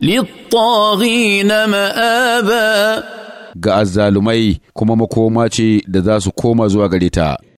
للطاغين مآبا ga azzalumai kuma makoma ce da za su koma zuwa gare ta.